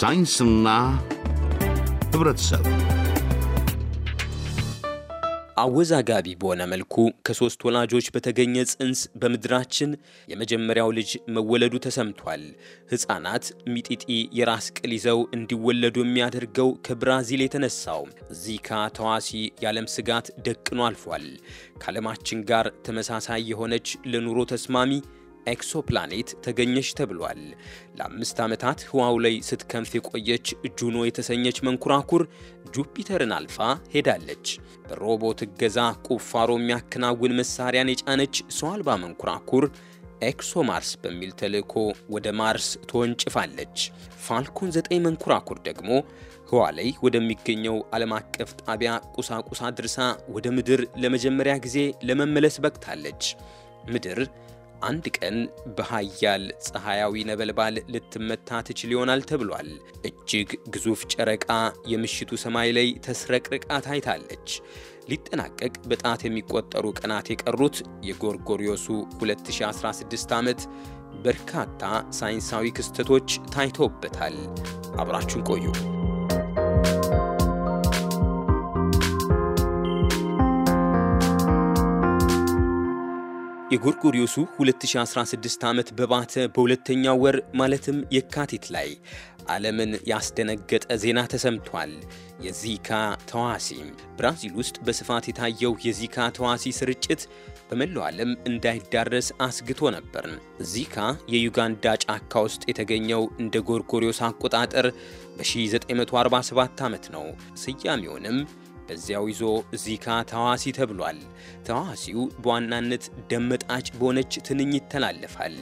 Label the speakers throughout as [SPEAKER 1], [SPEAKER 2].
[SPEAKER 1] ሳይንስና ህብረተሰብ አወዛጋቢ በሆነ መልኩ ከሶስት ወላጆች በተገኘ ጽንስ በምድራችን የመጀመሪያው ልጅ መወለዱ ተሰምቷል። ሕፃናት ሚጢጢ የራስ ቅል ይዘው እንዲወለዱ የሚያደርገው ከብራዚል የተነሳው ዚካ ተዋሲ የዓለም ስጋት ደቅኖ አልፏል። ከዓለማችን ጋር ተመሳሳይ የሆነች ለኑሮ ተስማሚ ኤክሶፕላኔት ተገኘች ተብሏል። ለአምስት ዓመታት ህዋው ላይ ስትከንፍ የቆየች ጁኖ የተሰኘች መንኮራኩር ጁፒተርን አልፋ ሄዳለች። በሮቦት እገዛ ቁፋሮ የሚያከናውን መሳሪያን የጫነች ሰው አልባ ኤክሶ ማርስ በሚል ተልእኮ ወደ ማርስ ተወንጭፋለች። ፋልኮን 9 መንኮራኩር ደግሞ ህዋ ላይ ወደሚገኘው ዓለም አቀፍ ጣቢያ ቁሳቁስ አድርሳ ወደ ምድር ለመጀመሪያ ጊዜ ለመመለስ በቅታለች። ምድር አንድ ቀን በሀያል ፀሐያዊ ነበልባል ልትመታ ትችል ይሆናል ተብሏል። እጅግ ግዙፍ ጨረቃ የምሽቱ ሰማይ ላይ ተስረቅርቃ ታይታለች። ሊጠናቀቅ በጣት የሚቆጠሩ ቀናት የቀሩት የጎርጎሪዮሱ 2016 ዓመት በርካታ ሳይንሳዊ ክስተቶች ታይቶበታል። አብራችሁን ቆዩ። የጎርጎሪዮሱ 2016 ዓመት በባተ በሁለተኛው ወር ማለትም የካቲት ላይ ዓለምን ያስደነገጠ ዜና ተሰምቷል። የዚካ ተዋሲ ብራዚል ውስጥ በስፋት የታየው የዚካ ተዋሲ ስርጭት በመላው ዓለም እንዳይዳረስ አስግቶ ነበር። ዚካ የዩጋንዳ ጫካ ውስጥ የተገኘው እንደ ጎርጎሪዮስ አቆጣጠር በ1947 ዓመት ነው። ስያሜውንም በዚያው ይዞ ዚካ ተዋሲ ተብሏል። ተዋሲው በዋናነት ደም ጣጭ በሆነች ትንኝ ይተላለፋል።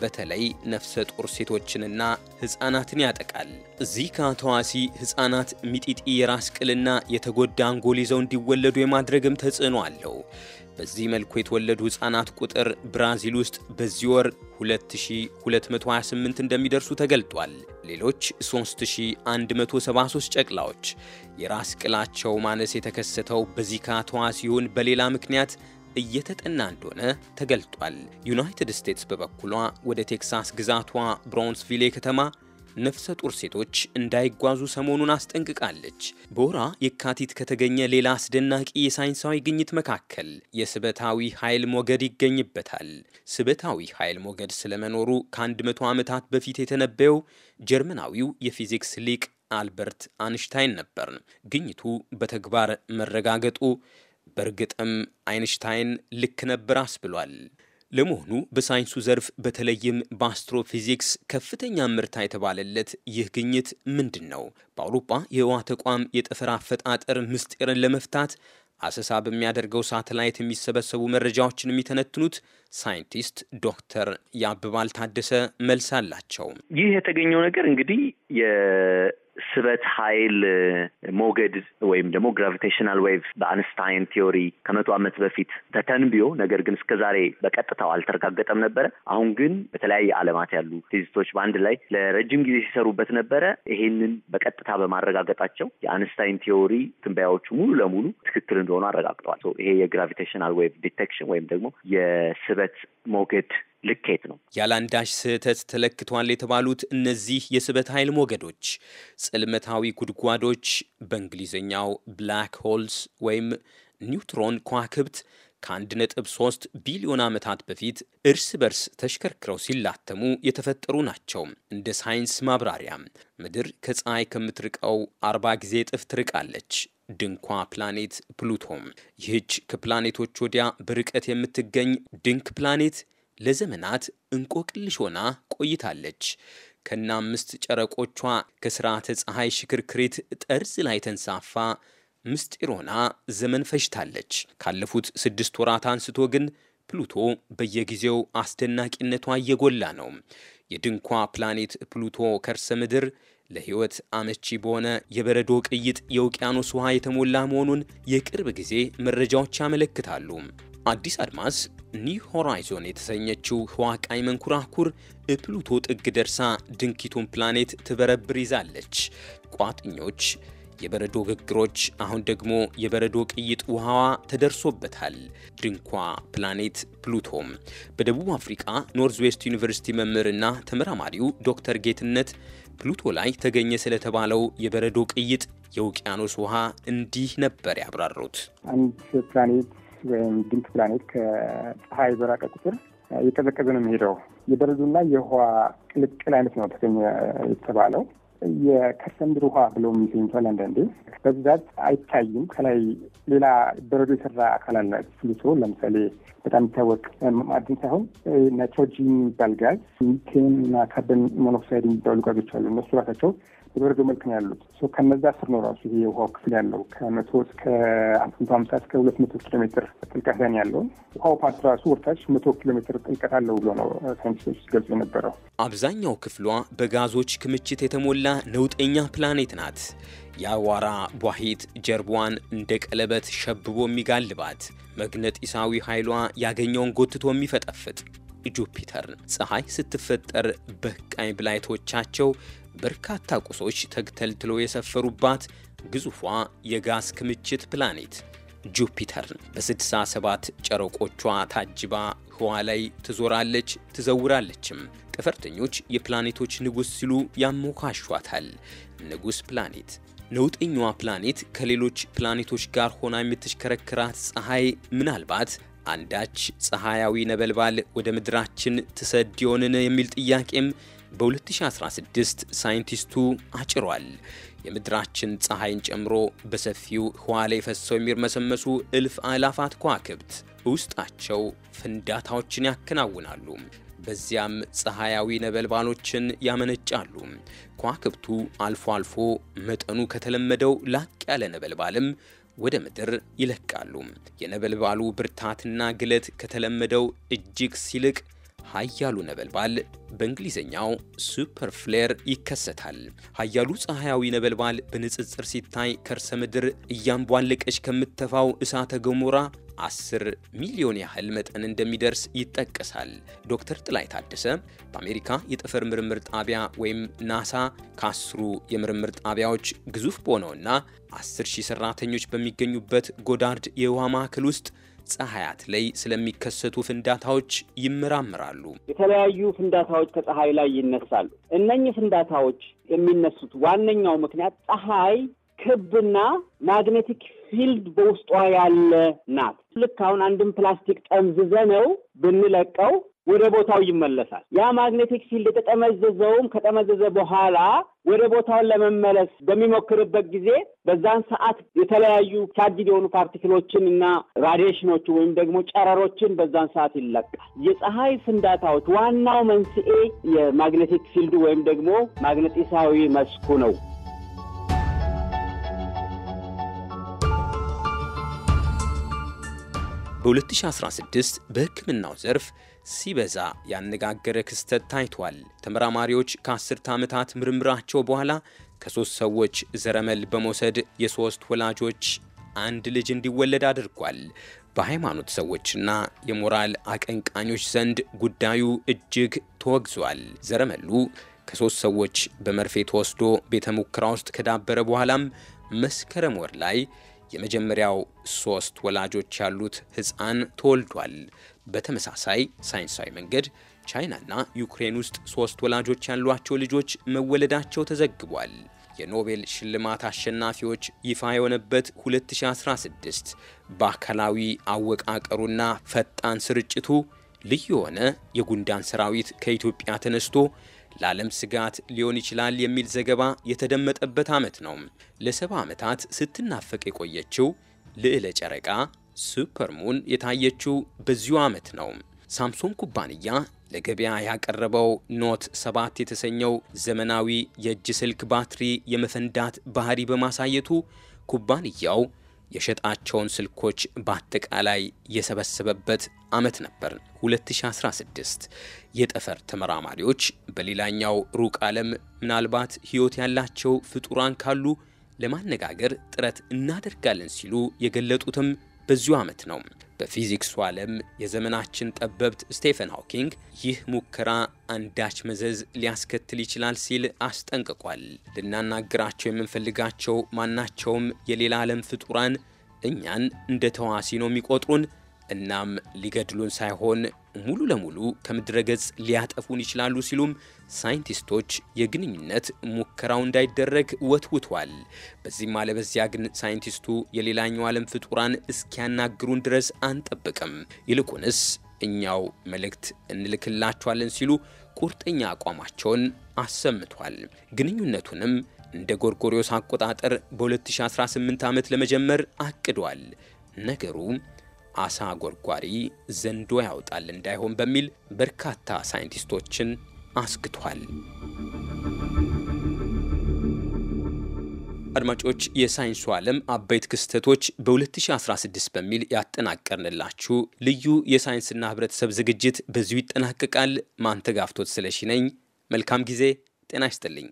[SPEAKER 1] በተለይ ነፍሰ ጡር ሴቶችንና ሕፃናትን ያጠቃል። ዚካ ተዋሲ ሕፃናት ሚጢጢ የራስ ቅልና የተጎዳ አንጎል ይዘው እንዲወለዱ የማድረግም ተጽዕኖ አለው። በዚህ መልኩ የተወለዱ ሕፃናት ቁጥር ብራዚል ውስጥ በዚህ ወር 2228 እንደሚደርሱ ተገልጧል። ሌሎች 3173 ጨቅላዎች የራስ ቅላቸው ማነስ የተከሰተው በዚካ ሲሆን በሌላ ምክንያት እየተጠና እንደሆነ ተገልጧል። ዩናይትድ ስቴትስ በበኩሏ ወደ ቴክሳስ ግዛቷ ብሮንስቪሌ ከተማ ነፍሰ ጡር ሴቶች እንዳይጓዙ ሰሞኑን አስጠንቅቃለች። ቦራ የካቲት ከተገኘ ሌላ አስደናቂ የሳይንሳዊ ግኝት መካከል የስበታዊ ኃይል ሞገድ ይገኝበታል። ስበታዊ ኃይል ሞገድ ስለመኖሩ ከ100 ዓመታት በፊት የተነበየው ጀርመናዊው የፊዚክስ ሊቅ አልበርት አንሽታይን ነበር። ግኝቱ በተግባር መረጋገጡ በእርግጥም አይንሽታይን ልክ ነበር አስብሏል። ለመሆኑ በሳይንሱ ዘርፍ በተለይም በአስትሮፊዚክስ ከፍተኛ ምርታ የተባለለት ይህ ግኝት ምንድን ነው? በአውሮፓ የህዋ ተቋም የጠፈር አፈጣጠር ምስጢርን ለመፍታት አሰሳ በሚያደርገው ሳተላይት የሚሰበሰቡ መረጃዎችን የሚተነትኑት ሳይንቲስት ዶክተር የአብባል ታደሰ መልስ አላቸው። ይህ የተገኘው ነገር እንግዲህ ስበት ኃይል ሞገድ ወይም ደግሞ ግራቪቴሽናል ዌቭ በአንስታይን ቲዮሪ ከመቶ ዓመት በፊት ተተንብዮ ነገር ግን እስከ ዛሬ በቀጥታው አልተረጋገጠም ነበረ። አሁን ግን በተለያየ ዓለማት ያሉ ፊዚስቶች በአንድ ላይ ለረጅም ጊዜ ሲሰሩበት ነበረ። ይሄንን በቀጥታ በማረጋገጣቸው የአንስታይን ቲዮሪ ትንበያዎቹ ሙሉ ለሙሉ ትክክል እንደሆኑ አረጋግጠዋል። ይሄ የግራቪቴሽናል ዌቭ ዲቴክሽን ወይም ደግሞ የስበት ሞገድ ልኬት ነው። ያለአንዳች ስህተት ተለክቷል የተባሉት እነዚህ የስበት ኃይል ሞገዶች ጽልመታዊ ጉድጓዶች በእንግሊዝኛው ብላክ ሆልስ ወይም ኒውትሮን ከዋክብት ከ1.3 ቢሊዮን ዓመታት በፊት እርስ በርስ ተሽከርክረው ሲላተሙ የተፈጠሩ ናቸው። እንደ ሳይንስ ማብራሪያ ምድር ከፀሐይ ከምትርቀው አርባ ጊዜ እጥፍ ትርቃለች። ድንኳ ፕላኔት ፕሉቶም። ይህች ከፕላኔቶች ወዲያ በርቀት የምትገኝ ድንክ ፕላኔት ለዘመናት እንቆቅልሽ ሆና ቆይታለች። ከነ አምስት ጨረቆቿ ከስርዓተ ፀሐይ ሽክርክሪት ጠርዝ ላይ ተንሳፋ ምስጢር ሆና ዘመን ፈጅታለች። ካለፉት ስድስት ወራት አንስቶ ግን ፕሉቶ በየጊዜው አስደናቂነቷ እየጎላ ነው። የድንኳ ፕላኔት ፕሉቶ ከርሰ ምድር ለሕይወት አመቺ በሆነ የበረዶ ቅይጥ የውቅያኖስ ውሃ የተሞላ መሆኑን የቅርብ ጊዜ መረጃዎች ያመለክታሉ። አዲስ አድማስ ኒው ሆራይዞን የተሰኘችው ህዋ ቃይ መንኮራኩር ፕሉቶ ጥግ ደርሳ ድንኪቱን ፕላኔት ትበረብር ይዛለች። ቋጥኞች፣ የበረዶ ግግሮች፣ አሁን ደግሞ የበረዶ ቅይጥ ውሃዋ ተደርሶበታል። ድንኳ ፕላኔት ፕሉቶም በደቡብ አፍሪቃ ኖርዝ ዌስት ዩኒቨርሲቲ መምህርና ተመራማሪው ዶክተር ጌትነት ፕሉቶ ላይ ተገኘ ስለተባለው የበረዶ ቅይጥ የውቅያኖስ ውሃ እንዲህ ነበር ያብራሩት። አንድ ፕላኔት ወይም ዲምክ ፕላኔት ከፀሐይ በራቀ ቁጥር እየቀዘቀዘ ነው የሚሄደው። የበረዶና የውሃ ቅልቅል አይነት ነው ተገኘ የተባለው። የከርሰ ምድር ውሃ ብሎ የሚገኝቷል። አንዳንዴ በብዛት አይታይም። ከላይ ሌላ በረዶ የሰራ አካል አለ። ፕሉቶ ለምሳሌ በጣም የሚታወቅ ማዕድን ሳይሆን ናይትሮጂን የሚባል ጋዝ፣ ሚቴን እና ካርበን ሞኖክሳይድ የሚባሉ ጋዞች አሉ። እነሱ ራሳቸው በበረዶ መልክ ነው ያሉት። ከነዛ ስር ነው ራሱ ይሄ የውሃው ክፍል ያለው ከመቶ እስከ መቶ ሀምሳ እስከ ሁለት መቶ ኪሎ ሜትር ጥልቀት ላይ ያለውን ውሃው ፓርት ራሱ ወርታች መቶ ኪሎ ሜትር ጥልቀት አለው ብሎ ነው ሳይንቲስቶች ሲገልጹ የነበረው። አብዛኛው ክፍሏ በጋዞች ክምችት የተሞላ ነውጠኛ ፕላኔት ናት። የአዋራ ቧሂት ጀርቧን እንደ ቀለበት ሸብቦ የሚጋልባት መግነጢሳዊ ኃይሏ ያገኘውን ጎትቶ የሚፈጠፍጥ ጁፒተርን ፀሐይ ስትፈጠር በቃኝ ብላይቶቻቸው በርካታ ቁሶች ተግተልትለው የሰፈሩባት ግዙፏ የጋዝ ክምችት ፕላኔት ጁፒተርን በ67 ጨረቆቿ ታጅባ ህዋ ላይ ትዞራለች ትዘውራለችም። ጠፈርተኞች የፕላኔቶች ንጉሥ ሲሉ ያሞካሿታል። ንጉሥ ፕላኔት ነውጠኛዋ ፕላኔት ከሌሎች ፕላኔቶች ጋር ሆና የምትሽከረክራት ፀሐይ ምናልባት አንዳች ፀሐያዊ ነበልባል ወደ ምድራችን ትሰድ ይሆንን የሚል ጥያቄም በ2016 ሳይንቲስቱ አጭሯል። የምድራችን ፀሐይን ጨምሮ በሰፊው ህዋ ላይ ፈሰው የሚርመሰመሱ እልፍ አላፋት ከዋክብት ውስጣቸው ፍንዳታዎችን ያከናውናሉ። በዚያም ፀሐያዊ ነበልባሎችን ያመነጫሉ። ከዋክብቱ አልፎ አልፎ መጠኑ ከተለመደው ላቅ ያለ ነበልባልም ወደ ምድር ይለቃሉ። የነበልባሉ ብርታትና ግለት ከተለመደው እጅግ ሲልቅ ኃያሉ ነበልባል በእንግሊዝኛው ሱፐር ፍሌር ይከሰታል። ኃያሉ ፀሐያዊ ነበልባል በንጽጽር ሲታይ ከርሰ ምድር እያንቧለቀች ከምትተፋው እሳተ ገሞራ 10 ሚሊዮን ያህል መጠን እንደሚደርስ ይጠቀሳል። ዶክተር ጥላይ ታደሰ በአሜሪካ የጠፈር ምርምር ጣቢያ ወይም ናሳ ከአስሩ የምርምር ጣቢያዎች ግዙፍ በሆነውና 10 ሺህ ሰራተኞች በሚገኙበት ጎዳርድ የውሃ ማዕከል ውስጥ ፀሐያት ላይ ስለሚከሰቱ ፍንዳታዎች ይመራምራሉ። የተለያዩ ፍንዳታዎች ከፀሐይ ላይ ይነሳሉ። እነኚህ ፍንዳታዎች የሚነሱት ዋነኛው ምክንያት ፀሐይ ክብና ማግኔቲክ ፊልድ በውስጧ ያለ ናት። ልክ አሁን አንድም ፕላስቲክ ጠምዝዘ ነው ብንለቀው ወደ ቦታው ይመለሳል። ያ ማግኔቲክ ፊልድ የተጠመዘዘውም ከጠመዘዘ በኋላ ወደ ቦታውን ለመመለስ በሚሞክርበት ጊዜ በዛን ሰዓት የተለያዩ ቻርጅድ የሆኑ ፓርቲክሎችን እና ራዲሽኖች ወይም ደግሞ ጨረሮችን በዛን ሰዓት ይለቃል። የፀሐይ ፍንዳታዎች ዋናው መንስኤ የማግኔቲክ ፊልዱ ወይም ደግሞ ማግነጢሳዊ መስኩ ነው። በ2016 በሕክምናው ዘርፍ ሲበዛ ያነጋገረ ክስተት ታይቷል። ተመራማሪዎች ከአስርተ ዓመታት ምርምራቸው በኋላ ከሦስት ሰዎች ዘረመል በመውሰድ የሦስት ወላጆች አንድ ልጅ እንዲወለድ አድርጓል። በሃይማኖት ሰዎችና የሞራል አቀንቃኞች ዘንድ ጉዳዩ እጅግ ተወግዟል። ዘረመሉ ከሦስት ሰዎች በመርፌ ተወስዶ ቤተ ሙከራ ውስጥ ከዳበረ በኋላም መስከረም ወር ላይ የመጀመሪያው ሶስት ወላጆች ያሉት ሕፃን ተወልዷል። በተመሳሳይ ሳይንሳዊ መንገድ ቻይናና ዩክሬን ውስጥ ሶስት ወላጆች ያሏቸው ልጆች መወለዳቸው ተዘግቧል። የኖቤል ሽልማት አሸናፊዎች ይፋ የሆነበት 2016 በአካላዊ አወቃቀሩና ፈጣን ስርጭቱ ልዩ የሆነ የጉንዳን ሰራዊት ከኢትዮጵያ ተነስቶ ለዓለም ስጋት ሊሆን ይችላል የሚል ዘገባ የተደመጠበት ዓመት ነው። ለሰባ ዓመታት ስትናፈቅ የቆየችው ልዕለ ጨረቃ ሱፐርሙን የታየችው በዚሁ ዓመት ነው። ሳምሶን ኩባንያ ለገበያ ያቀረበው ኖት ሰባት የተሰኘው ዘመናዊ የእጅ ስልክ ባትሪ የመፈንዳት ባህሪ በማሳየቱ ኩባንያው የሸጣቸውን ስልኮች በአጠቃላይ የሰበሰበበት ዓመት ነበር 2016። የጠፈር ተመራማሪዎች በሌላኛው ሩቅ ዓለም ምናልባት ሕይወት ያላቸው ፍጡራን ካሉ ለማነጋገር ጥረት እናደርጋለን ሲሉ የገለጡትም በዚሁ ዓመት ነው። በፊዚክሱ ዓለም የዘመናችን ጠበብት ስቴፈን ሃውኪንግ ይህ ሙከራ አንዳች መዘዝ ሊያስከትል ይችላል ሲል አስጠንቅቋል። ልናናግራቸው የምንፈልጋቸው ማናቸውም የሌላ ዓለም ፍጡራን እኛን እንደ ተዋሲ ነው የሚቆጥሩን። እናም ሊገድሉን ሳይሆን ሙሉ ለሙሉ ከምድረገጽ ሊያጠፉን ይችላሉ ሲሉም ሳይንቲስቶች የግንኙነት ሙከራው እንዳይደረግ ወትውቷል። በዚህም አለበዚያ ግን ሳይንቲስቱ የሌላኛው ዓለም ፍጡራን እስኪያናግሩን ድረስ አንጠብቅም፣ ይልቁንስ እኛው መልእክት እንልክላቸዋለን ሲሉ ቁርጠኛ አቋማቸውን አሰምቷል። ግንኙነቱንም እንደ ጎርጎሪዮስ አቆጣጠር በ2018 ዓመት ለመጀመር አቅዷል። ነገሩ አሳ ጎርጓሪ ዘንዶ ያውጣል እንዳይሆን በሚል በርካታ ሳይንቲስቶችን አስግቷል። አድማጮች፣ የሳይንሱ ዓለም አበይት ክስተቶች በ2016 በሚል ያጠናቀርንላችሁ ልዩ የሳይንስና ሕብረተሰብ ዝግጅት በዚሁ ይጠናቀቃል። ማንተጋፍቶት ስለሺ ነኝ። መልካም ጊዜ። ጤና ይስጥልኝ።